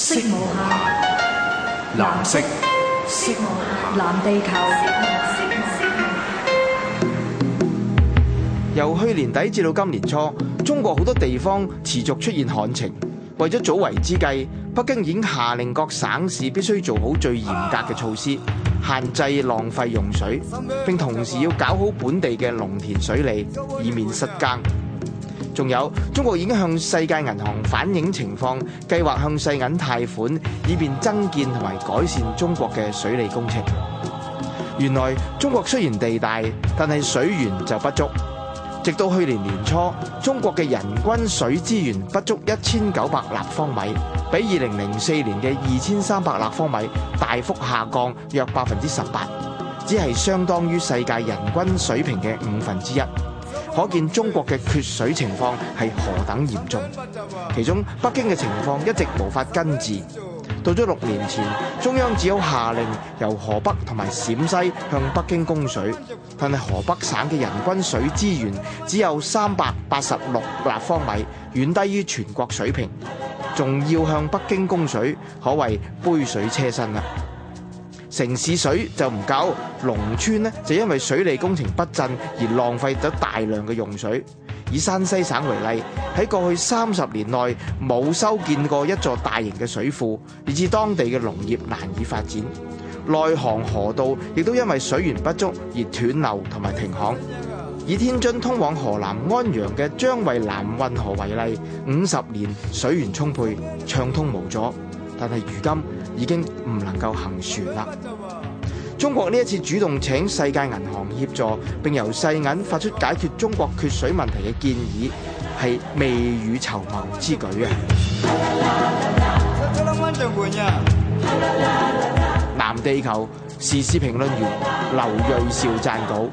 色無限，藍色。色無限，藍地球。由去年底至到今年初，中國好多地方持續出現旱情。為咗早為之計，北京已經下令各省市必須做好最嚴格嘅措施，限制浪費用水，並同時要搞好本地嘅農田水利，以免失耕。仲有，中國已經向世界銀行反映情況，計劃向世銀貸款，以便增建同埋改善中國嘅水利工程。原來中國雖然地大，但係水源就不足，直到去年年初，中國嘅人均水資源不足一千九百立方米，比二零零四年嘅二千三百立方米大幅下降約百分之十八，只係相當於世界人均水平嘅五分之一。可見中國嘅缺水情況係何等嚴重，其中北京嘅情況一直無法根治。到咗六年前，中央只好下令由河北同埋陝西向北京供水，但係河北省嘅人均水資源只有三百八十六立方米，遠低於全國水平，仲要向北京供水，可謂杯水車薪啦。城市水就唔夠，農村呢就因為水利工程不振而浪費咗大量嘅用水。以山西省為例，喺過去三十年內冇修建過一座大型嘅水庫，以致當地嘅農業難以發展。內航河道亦都因為水源不足而斷流同埋停航。以天津通往河南安陽嘅張惠南運河為例，五十年水源充沛，暢通無阻。但係如今已經唔能夠行船啦。中國呢一次主動請世界銀行協助，並由世銀發出解決中國缺水問題嘅建議，係未雨綢繆之舉啊！藍地球時事評論員劉銳紹撰稿。